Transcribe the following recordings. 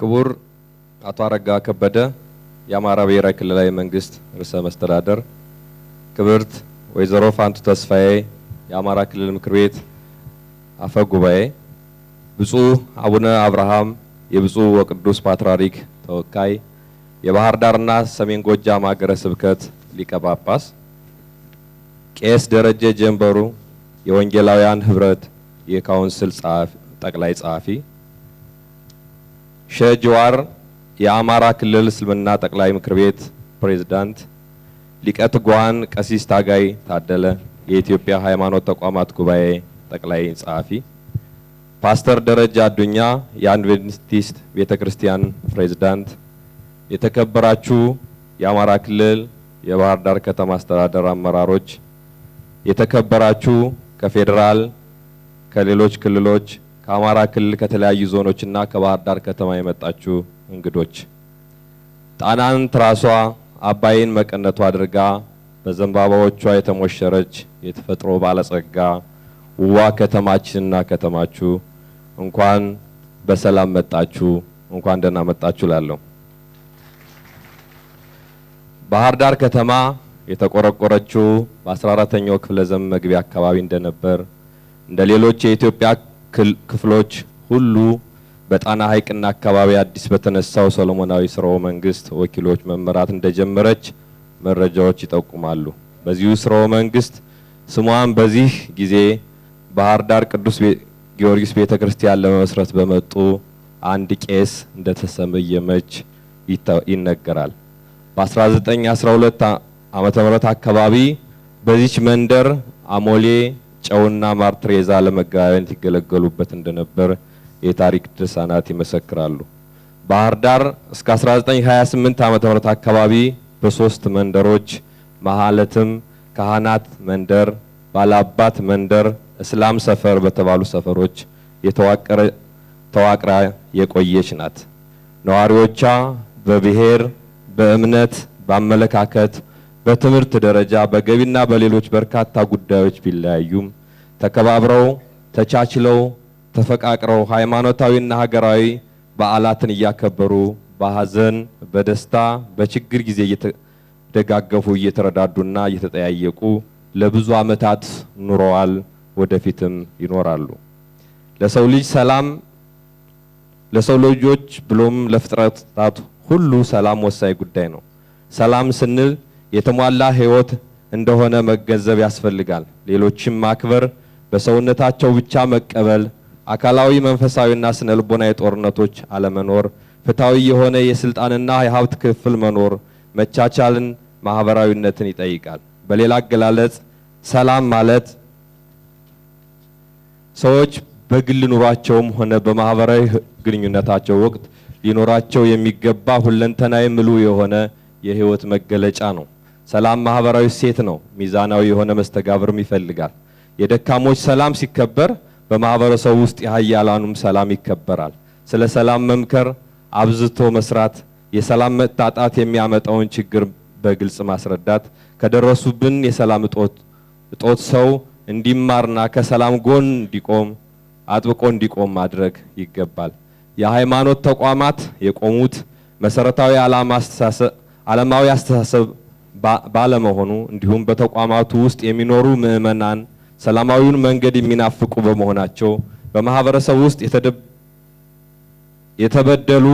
ክቡር አቶ አረጋ ከበደ የአማራ ብሔራዊ ክልላዊ መንግስት ርዕሰ መስተዳደር፣ ክብርት ወይዘሮ ፋንቱ ተስፋዬ የአማራ ክልል ምክር ቤት አፈ ጉባኤ፣ ብፁዕ አቡነ አብርሃም የብፁዕ ወቅዱስ ፓትርያርክ ተወካይ፣ የባህር ዳርና ሰሜን ጎጃም ሀገረ ስብከት ሊቀ ጳጳስ፣ ቄስ ደረጀ ጀንበሩ የወንጌላውያን ህብረት የካውንስል ጠቅላይ ጸሐፊ ሼህ ጀዋር የአማራ ክልል እስልምና ጠቅላይ ምክር ቤት ፕሬዝዳንት፣ ሊቀ ትጉሃን ቀሲስ ታጋይ ታደለ የኢትዮጵያ ሃይማኖት ተቋማት ጉባኤ ጠቅላይ ጸሐፊ፣ ፓስተር ደረጃ አዱኛ የአድቬንቲስት ቤተ ክርስቲያን ፕሬዝዳንት፣ የተከበራችሁ የአማራ ክልል የባህር ዳር ከተማ አስተዳደር አመራሮች፣ የተከበራችሁ ከፌዴራል ከሌሎች ክልሎች ከአማራ ክልል ከተለያዩ ዞኖችና ከባህር ዳር ከተማ የመጣችሁ እንግዶች ጣናን ትራሷ አባይን መቀነቷ አድርጋ በዘንባባዎቿ የተሞሸረች የተፈጥሮ ባለጸጋ ውዋ ከተማችንና ከተማችሁ እንኳን በሰላም መጣችሁ፣ እንኳን ደህና መጣችሁ ላለሁ ባህር ዳር ከተማ የተቆረቆረችው በ14ተኛው ክፍለ ዘመን መግቢያ አካባቢ እንደነበር እንደ ሌሎች የኢትዮጵያ ክፍሎች ሁሉ በጣና ሐይቅና አካባቢ አዲስ በተነሳው ሰሎሞናዊ ስርወ መንግስት ወኪሎች መመራት እንደጀመረች መረጃዎች ይጠቁማሉ። በዚሁ ስርወ መንግስት ስሟን በዚህ ጊዜ ባህር ዳር ቅዱስ ጊዮርጊስ ቤተ ክርስቲያን ለመመስረት በመጡ አንድ ቄስ እንደተሰመየመች ይነገራል። በ1912 ዓመተ ምህረት አካባቢ በዚች መንደር አሞሌ ጨውና ማር ትሬዛ ለመገበያየት ይገለገሉበት እንደነበር የታሪክ ድርሳናት ይመሰክራሉ። ባህር ዳር እስከ 1928 ዓመተ ምህረት አካባቢ በሶስት መንደሮች ማለትም ካህናት መንደር፣ ባላባት መንደር፣ እስላም ሰፈር በተባሉ ሰፈሮች የተዋቀረ ተዋቅራ የቆየች ናት። ነዋሪዎቿ በብሔር፣ በእምነት፣ በአመለካከት በትምህርት ደረጃ በገቢና በሌሎች በርካታ ጉዳዮች ቢለያዩም ተከባብረው ተቻችለው ተፈቃቅረው ሃይማኖታዊና ሀገራዊ በዓላትን እያከበሩ በሀዘን፣ በደስታ፣ በችግር ጊዜ እየተደጋገፉ እየተረዳዱና እየተጠያየቁ ለብዙ ዓመታት ኑረዋል። ወደፊትም ይኖራሉ። ለሰው ልጅ ሰላም ለሰው ልጆች ብሎም ለፍጥረታት ሁሉ ሰላም ወሳኝ ጉዳይ ነው። ሰላም ስንል የተሟላ ህይወት እንደሆነ መገንዘብ ያስፈልጋል። ሌሎችን ማክበር በሰውነታቸው ብቻ መቀበል፣ አካላዊ መንፈሳዊና ስነ ልቦናዊ ጦርነቶች አለመኖር፣ ፍትሐዊ የሆነ የስልጣንና የሀብት ክፍል መኖር መቻቻልን፣ ማህበራዊነትን ይጠይቃል። በሌላ አገላለጽ ሰላም ማለት ሰዎች በግል ኑሯቸውም ሆነ በማህበራዊ ግንኙነታቸው ወቅት ሊኖራቸው የሚገባ ሁለንተናዊ ምሉ የሆነ የህይወት መገለጫ ነው። ሰላም ማህበራዊ እሴት ነው። ሚዛናዊ የሆነ መስተጋብርም ይፈልጋል። የደካሞች ሰላም ሲከበር በማህበረሰቡ ውስጥ የሀያላኑም ሰላም ይከበራል። ስለ ሰላም መምከር፣ አብዝቶ መስራት፣ የሰላም መጣጣት የሚያመጣውን ችግር በግልጽ ማስረዳት፣ ከደረሱብን የሰላም እጦት ሰው እንዲማርና ከሰላም ጎን እንዲቆም አጥብቆ እንዲቆም ማድረግ ይገባል። የሃይማኖት ተቋማት የቆሙት መሰረታዊ ዓለማዊ አስተሳሰብ ባለመሆኑ እንዲሁም በተቋማቱ ውስጥ የሚኖሩ ምዕመናን ሰላማዊውን መንገድ የሚናፍቁ በመሆናቸው በማህበረሰብ ውስጥ የተበደሉ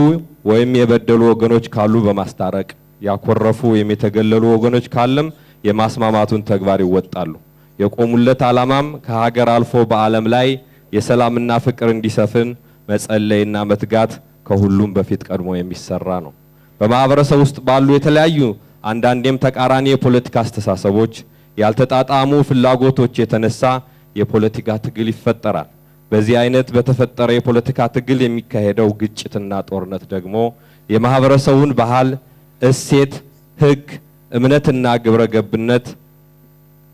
ወይም የበደሉ ወገኖች ካሉ በማስታረቅ ያኮረፉ ወይም የተገለሉ ወገኖች ካለም የማስማማቱን ተግባር ይወጣሉ። የቆሙለት ዓላማም ከሀገር አልፎ በዓለም ላይ የሰላምና ፍቅር እንዲሰፍን መጸለይና መትጋት ከሁሉም በፊት ቀድሞ የሚሰራ ነው። በማህበረሰብ ውስጥ ባሉ የተለያዩ አንዳንዴም ተቃራኒ የፖለቲካ አስተሳሰቦች፣ ያልተጣጣሙ ፍላጎቶች የተነሳ የፖለቲካ ትግል ይፈጠራል። በዚህ አይነት በተፈጠረ የፖለቲካ ትግል የሚካሄደው ግጭትና ጦርነት ደግሞ የማህበረሰቡን ባህል፣ እሴት፣ ህግ፣ እምነትና ግብረ ገብነት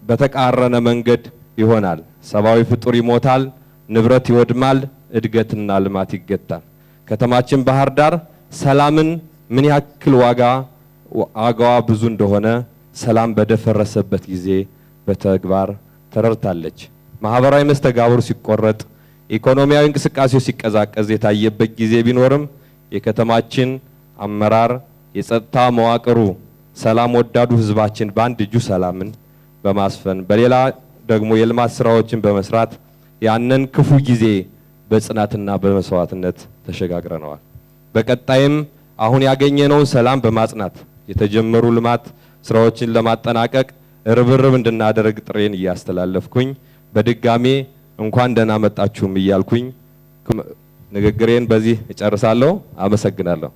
በተቃረነ መንገድ ይሆናል። ሰብአዊ ፍጡር ይሞታል፣ ንብረት ይወድማል፣ እድገትና ልማት ይገታል። ከተማችን ባህር ዳር ሰላምን ምን ያክል ዋጋ አገዋ ብዙ እንደሆነ ሰላም በደፈረሰበት ጊዜ በተግባር ተረድታለች። ማህበራዊ መስተጋብሩ ሲቆረጥ፣ ኢኮኖሚያዊ እንቅስቃሴው ሲቀዛቀዝ የታየበት ጊዜ ቢኖርም የከተማችን አመራር፣ የጸጥታ መዋቅሩ፣ ሰላም ወዳዱ ህዝባችን በአንድ እጁ ሰላምን በማስፈን በሌላ ደግሞ የልማት ስራዎችን በመስራት ያንን ክፉ ጊዜ በጽናትና በመስዋዕትነት ተሸጋግረነዋል። በቀጣይም አሁን ያገኘነውን ሰላም በማጽናት የተጀመሩ ልማት ስራዎችን ለማጠናቀቅ ርብርብ እንድናደርግ ጥሬን እያስተላለፍኩኝ በድጋሜ እንኳን ደህና መጣችሁም እያልኩኝ ንግግሬን በዚህ እጨርሳለሁ። አመሰግናለሁ።